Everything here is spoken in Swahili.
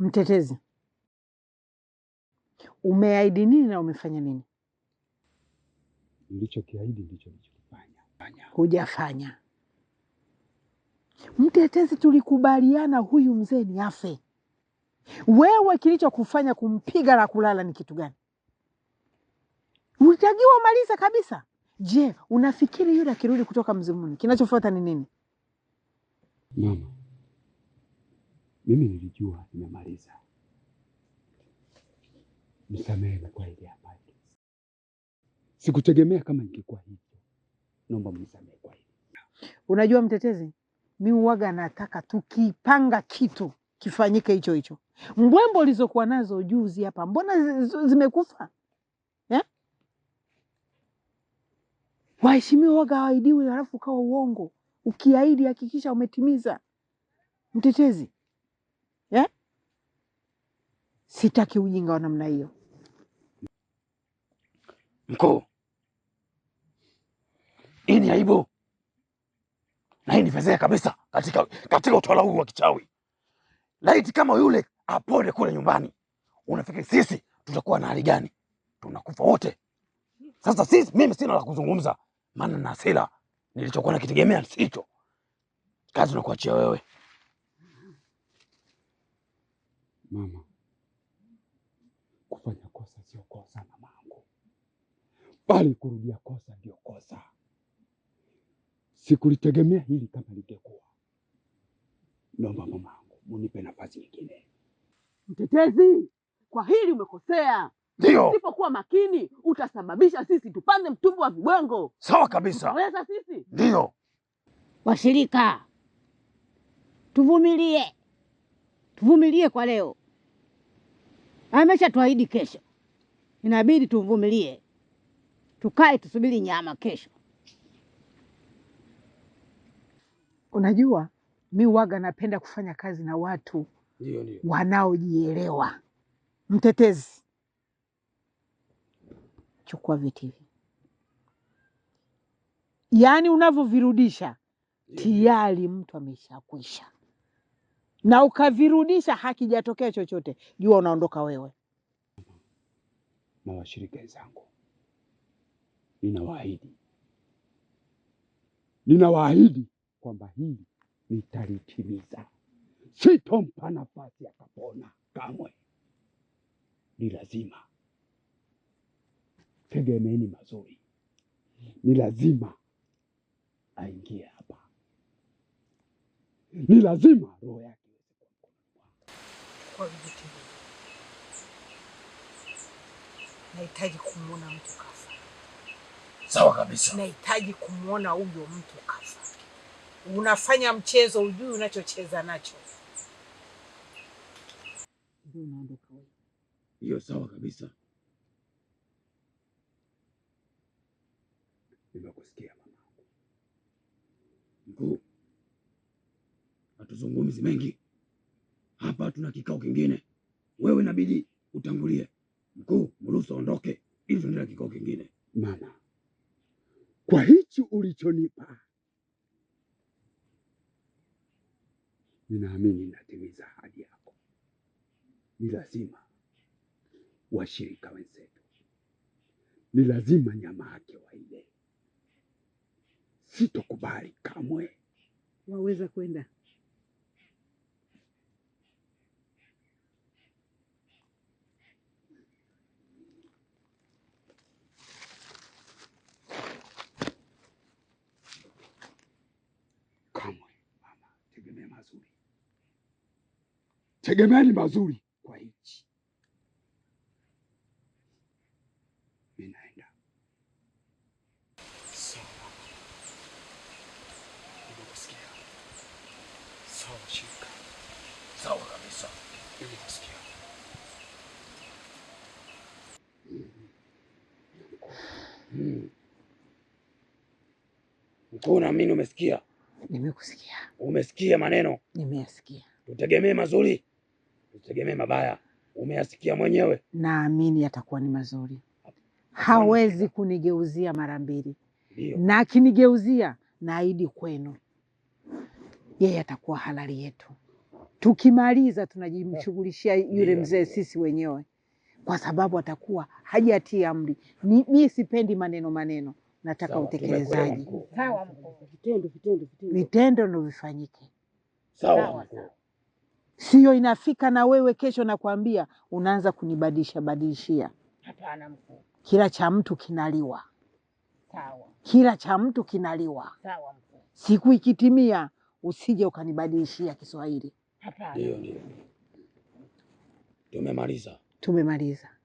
Mtetezi, umeahidi nini na umefanya nini? Nilichokiahidi ndicho nilichofanya. Hujafanya. Mtetezi, tulikubaliana huyu mzee ni afe. Wewe kilichokufanya kumpiga la kulala ni kitu gani? Ulitakiwa umalize kabisa. Je, unafikiri yule akirudi kutoka mzimuni kinachofuata ni nini? Mama, mimi nilijua nimemaliza. Nisamehe kwa ile habari. Sikutegemea kama ingekuwa hivyo. Naomba mnisamehe kwa hili. Unajua mtetezi, mi uwaga nataka tukipanga kitu kifanyike hicho hicho. Mbwembo ulizokuwa nazo juzi hapa, mbona zimekufa? Yeah? Waheshimiwa waga hawaidiwi, halafu ukawa uongo. Ukiahidi hakikisha umetimiza. Mtetezi, Sitaki ujinga wa namna hiyo. Mkuu, hii ni aibu na hii ni fedheha kabisa katika, katika utawala huu wa kichawi. Laiti kama yule apone kule nyumbani, unafikiri sisi tutakuwa na hali gani? Tunakufa wote. Sasa sisi, mimi sina la kuzungumza, maana na hasira, nilichokuwa nakitegemea sicho. Kazi nakuachia wewe mama. Kufanya kosa sio kosa mamangu, bali kurudia kosa ndio kosa. Sikulitegemea hili kama lingekuwa. Naomba mamangu munipe nafasi nyingine. Mtetezi, kwa hili umekosea. Ndio. Usipokuwa makini utasababisha sisi tupande mtumbu wa vibwengo. Sawa kabisa. weza sisi? Ndio. Washirika, tuvumilie, tuvumilie kwa leo ameshatuahidi kesho, inabidi tuvumilie, tukae tusubiri nyama kesho. Unajua, mi waga napenda kufanya kazi na watu wanaojielewa. Mtetezi, chukua viti hivi, yaani unavyovirudisha tayari mtu ameshakwisha na ukavirudisha, hakijatokea chochote, jua unaondoka wewe. Na washirika wenzangu, ninawaahidi, ninawaahidi kwamba hili nitalitimiza, sitompa nafasi akapona kamwe. Ni lazima tegemeeni mazuri, ni lazima aingie hapa, ni lazima roho yake kwa vijiti nahitaji kumwona mtu kafa. Sawa kabisa, nahitaji kumwona huyo mtu kafa. Unafanya mchezo, ujui unachocheza nacho. Hiyo sawa kabisa, nimekusikia mwanangu mkuu. Hatuzungumzi mengi tuna kikao kingine, wewe inabidi utangulie mkuu, mruhusu aondoke ili tuendelee kikao kingine. Mama, kwa hichi ulichonipa ninaamini natimiza ahadi yako. Ni lazima washirika wenzetu, ni lazima nyama yake waile. Sitokubali kamwe. Waweza kwenda. tegemeeni mazuri kwa nchi. Ninaenda sawa, nimekusikia. Sawa shika, sawa kabisa, nimekusikia. Mkuu, mimi umesikia. Nimekusikia. Umesikia maneno? Nimeyasikia. Tutegemee mazuri usitegemee mabaya. Umeyasikia mwenyewe, naamini yatakuwa ni mazuri. Hawezi kunigeuzia mara mbili, na akinigeuzia naahidi kwenu yeye atakuwa halali yetu. Tukimaliza tunajimshughulishia yule mzee sisi wenyewe, kwa sababu atakuwa hajatii amri. Mimi sipendi maneno maneno, nataka utekelezaji. Sawa, vitendo vitendo ndo vifanyike. Sawa, sawa. Sio inafika na wewe kesho nakwambia, unaanza kunibadilisha badilishia. Hapana mkuu, kila cha mtu kinaliwa. Sawa, kila cha mtu kinaliwa. Sawa mkuu, siku ikitimia usije ukanibadilishia Kiswahili. Hapana. Ndio, ndio, tumemaliza, tumemaliza.